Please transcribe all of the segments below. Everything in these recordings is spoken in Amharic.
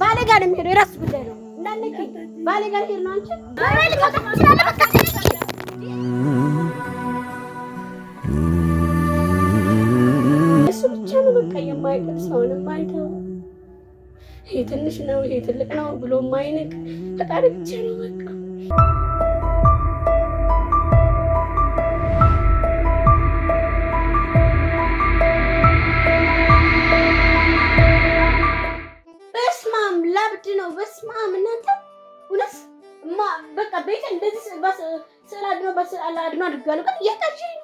ባሌ ጋር ነው የሚሄደው። የራሱ ጉዳይ ነው። እንዳለች ባሌ ጋር ሄድ ነው አንቺ እሱ ብቻ ነው በቃ የማይቀር ይሄ ትንሽ ነው ይሄ ትልቅ ነው ብሎ ማይንቅ ፈጣሪ ብቻ ነው በቃ ነው። በስመ አብ እናንተ እውነት በቃ ቤት እንደዚህ ስዕል አድኖ በስዕል አድኖ አድርጋለሁ፣ ግን እያቃዠኝ ነው።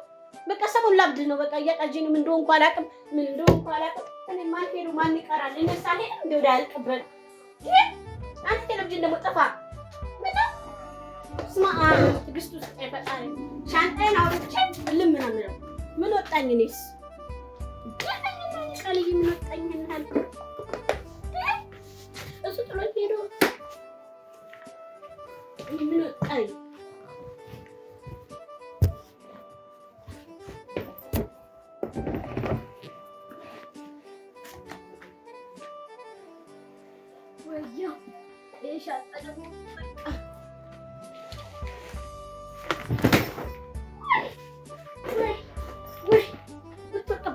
በቃ ሰሞኑን ላብድ ነው። በቃ እያቃዠኝ ነው። ምን እንደሆንኩ አላውቅም። ምን እንደሆንኩ አላውቅም። እኔ ማን ሄዱ ማን ይቀራል? እኔ ሳልሄድ እንደ ወደ አልቀበል ይሄ አንተ ቴሌቪዥን ደግሞ ጥፋ ምና ስማ ትግስቱ ስጠኝ ፈጣሪ። ሻንጣዬን አውርቼ እልም ምናምን ነው ምን ወጣኝ እኔስ ቃልይ ምን ወጣኝ እናል እሱ ጥሎ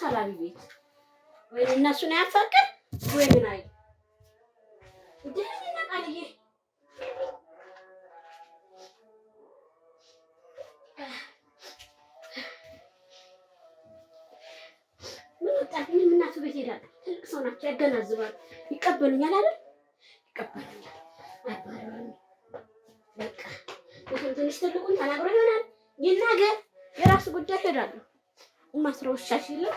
ሰላቢ ቤት ወይ እነሱን ያፈቅር ወይ ምን አይ ምን እናቱ ቤት ሄዳለ። ትልቅ ሰው ናቸው፣ ያገናዝባል ይቀበሉኛል አይደል? ይቀበሉኛል። በቃ ትንሽ ትልቁን ተናግሮ ይሆናል ይናገር፣ የራሱ ጉዳይ ሄዳለሁ። ማስረውሻሽ የለም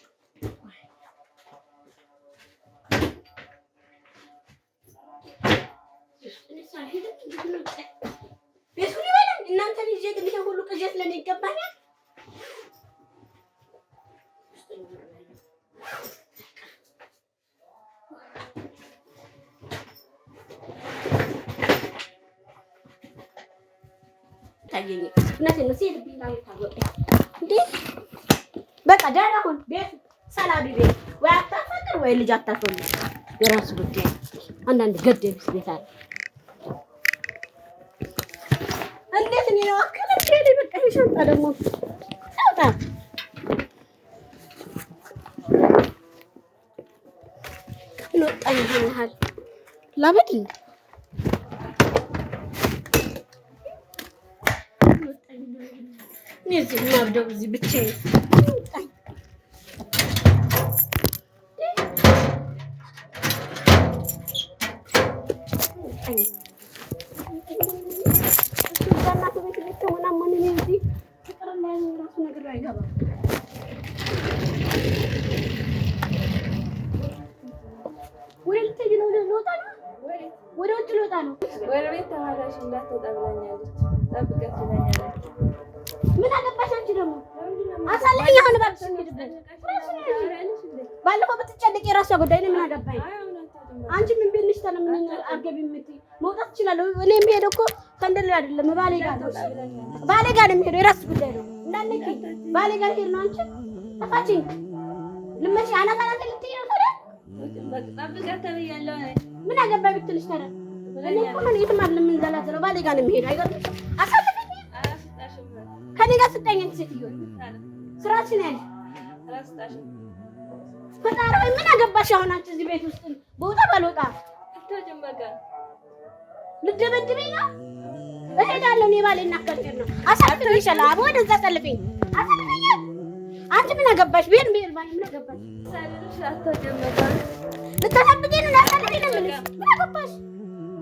ቤቱን ይበላል። እናንተን ይዤ ግን ይሄ ሁሉ ቅዠት ለእኔ ይገባኛል። በቃ ደህና ሁን። ቤቱ ሰላም ቤት ወይ አታፈቅር ወይ ልጅ አታፈቅር። የራሱ ጉዳይ። አንዳንድ ገድ ቤት አለ ሻንጣ ደግሞ አውጣ። ወጣኝ ይሆናል ላበድ እዚህ ማብደው እዚህ ብቻዬን ወጣኝ ምን አገባሽ አንቺ ደግሞ አሳልኝ። አሁን እባክሽ ባለፈው ብትጨልቅ የራሷ ጉዳይ ነው። ምን አገባኝ አንቺ ምን ቤልሽ ምን አገቢ ምት መውጣት ይችላል። እኔ የሚሄደው እኮ ከእንደሌ አይደለም ባሌ ጋር ነው፣ ባሌ ጋር ነው የሚሄደው። የራስ ጉዳይ ነው እንዳለች ባሌ ጋር ሄድ ነው። አንቺ ተፋችኝ ልመሽ አናት ልትይ ነው ታዲያ። ምን አገባኝ ብትልሽ ታዲያ እኔ ባሌ ጋር ነው የምሄድ። አይገርምም? አሳልፈኝ ከእኔ ጋር ስጠኝ። ሴትዮ ስራችን ያለ ፈጣሪ ወይ ምን አገባሽ? አሁን አንቺ እዚህ ቤት ውስጥ በውጣ ባልወጣ ልደበድበኝ ነው? እሄዳለሁ እኔ ባሌ እናከርገር ነው። አሳልፈኝ ይሻላል። አብ ወደዛ አሳልፈኝ፣ አሳልፈኝ። አንቺ ምን አገባሽ? ብሄድ ብሄድ ባለ ምን አገባሽ? ልታሳብደኝ ነው? ላሳልፈኝ ነው? ምን አገባሽ?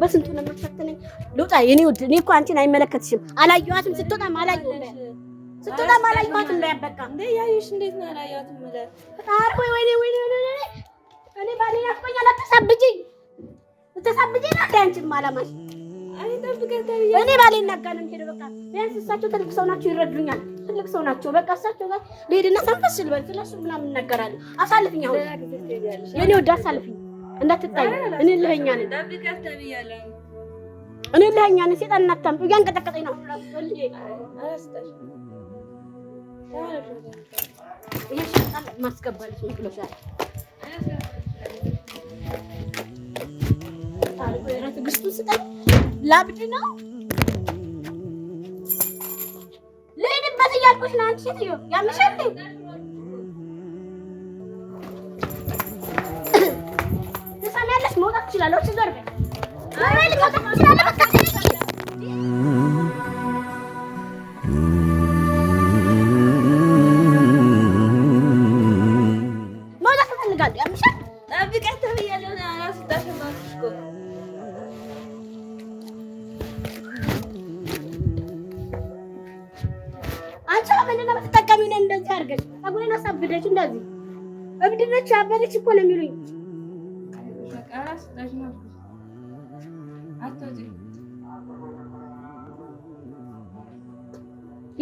በስንቱ ነው የምትፈትነኝ? ልውጣ የኔ ውድ። እኔ እኮ አንቺን አይመለከትሽም። አላየኋትም። ስትወጣም ስትወጣም አላየኋትም። በቃ እኔ ባሌ ቢያንስ እሳቸው ትልቅ ሰው ናቸው፣ ይረዱኛል። ትልቅ ሰው ናቸው። በቃ እሳቸው ጋር ልሄድና ሰንፈስ ልበል፣ ስለሱ ምናምን እናገራለን። አሳልፍኝ፣ አሁን የኔ ወደ አሳልፍኝ እንዳትታይ። እኔ ልኸኛ ነኝ፣ እኔ ልኸኛ ነኝ። ሴጣን እናታምጡ፣ እያንቀጠቀጠኝ ነው። ማስገባለች መቅለሻ ስጠኝ። ላብድ ነው ልሄድበት እያልኩሽ ነው። አንቺ ሴትዮ ያምሻል ትችላለህ። እንደዚህ አድርገሽ አጉሌን አሳብደች እንደዚህ እብድነች አበደች እኮ ነው የሚሉኝ።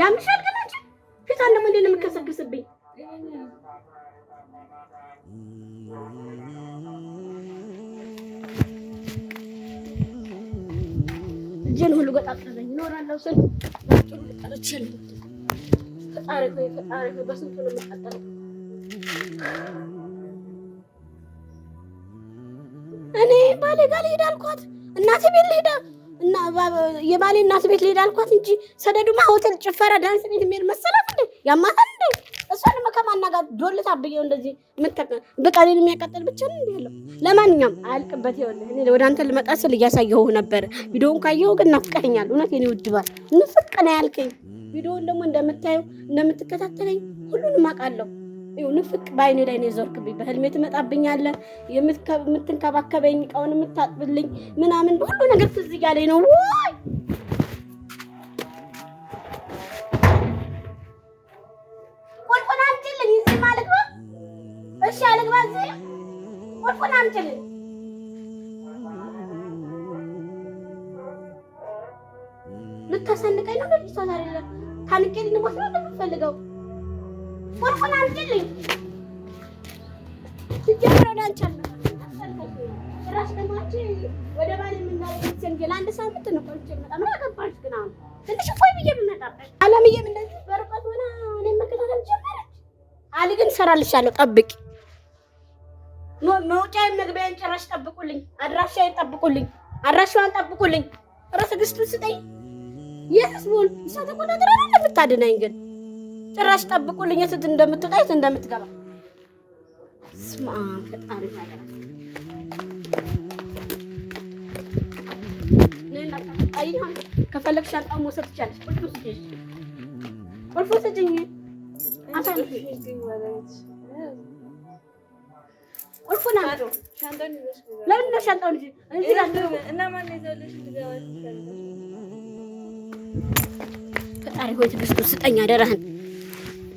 ያምሻል ግን አንቺ ፊት አለ ምን የምከሰግስብኝ እጄን ሁሉ ገጣጥረኝ እኖራለሁ ስል ፈጣሪ ሆይ ፈጣሪ ሆይ በስንቱ ነው የምትቀጠለው? ባሌ ጋር ልሄድ አልኳት፣ እናቴ ቤት ልሄድ የባሌ እናት ቤት ልሄድ አልኳት እንጂ ሰደዱማ ሆቴል ጭፈራ፣ ዳንስ ቤት የሚሄድ መሰላት እንዴ? ያማታል እንዴ? እሷን ከማና ጋር ዶልት አብየው እንደዚህ ምትቀ ብቀሌን የሚያቀጥል ብቻ ነው ያለው። ለማንኛውም አያልቅበት። ይሆን። እኔ ወደ አንተ ልመጣ ስል እያሳየሁ ነበር። ቪዲዮውን ካየሁ ግን ናፍቀኛል። እውነት ኔ ውድባል ባል ንፍቅ ነው ያልከኝ። ቪዲዮውን ደግሞ እንደምታየው እንደምትከታተለኝ ሁሉንም አውቃለሁ። ንፍቅ በአይኔ ላይ ነው የዞርክብኝ። በህልሜ ትመጣብኛለህ፣ የምትንከባከበኝ፣ እቃውን የምታጥብልኝ ምናምን ሁሉ ነገር ትዝ እያለኝ ነው ወይ ልታሰንቀኝ ነው ታንቄ ልንሞት ነው የምፈልገው ወርቁን አምጪልኝ። ወደ ባል የምናደርገው ዘንድ ለአንድ ሳምንት ነው። ትንሽ ብዬ የምመጣበት እንደዚህ በርቀት ሆና መከታተል ጀመረች። አሊ ግን እሰራልሻለሁ፣ ጠብቂ። መውጫ መግቢያዬን ጭራሽ ጠብቁልኝ፣ አድራሻ ጠብቁልኝ፣ አድራሻዋን ጠብቁልኝ። ኧረ ስጠኝ። የህዝቡን እሷ ተቆጣጥራ ነው ግን ጭራሽ ጠብቁልኝ የት እንደምትወጣ የት እንደምትገባ። ስማ ፈጣሪ ከፈለግሽ ሻንጣውን መውሰድ ትቻለሽ። ቁልፉ ስጭኝ፣ ቁልፉን ለምን ነው ሻንጣውን ፈጣሪ ሆይ ትዕግስቱን ስጠኝ አደራህን።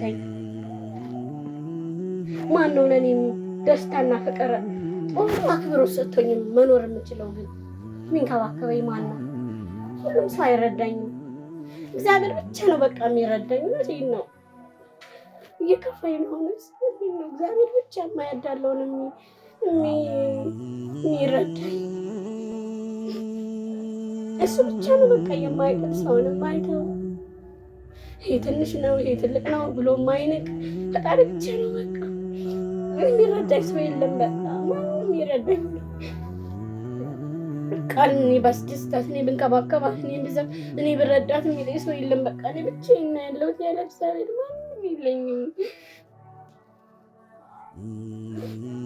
ደስተኝ ማን ነው ለእኔም ደስታና ፍቅር ሁሉ አክብሮት ሰጥቶኝም መኖር የምችለው ግን የሚንከባከበኝ ማን ነው? ሁሉም ሰው አይረዳኝም። እግዚአብሔር ብቻ ነው በቃ የሚረዳኝ። እውነቴን ነው። እየከፋኝ ነው። አሁንስ ነው እግዚአብሔር ብቻ የማያዳለውን የሚረዳኝ እሱ ብቻ ነው በቃ የማይቀር ሰውን ማይተው ይሄ ትንሽ ነው፣ ይሄ ትልቅ ነው ብሎ ማይነቅ ፈጣሪ ብቻ ነው። በቃ ምንም የሚረዳኝ ሰው የለም። በቃ ምንም የሚረዳኝ ቃል እኔ ባስደስታት፣ እኔ ብንከባከባት፣ እኔ ብዘብ፣ እኔ ብረዳት የሚለኝ ሰው የለም። በቃ እኔ ብቻዬን ነው ያለሁት። ያለ እግዚአብሔር ማንም የለኝም።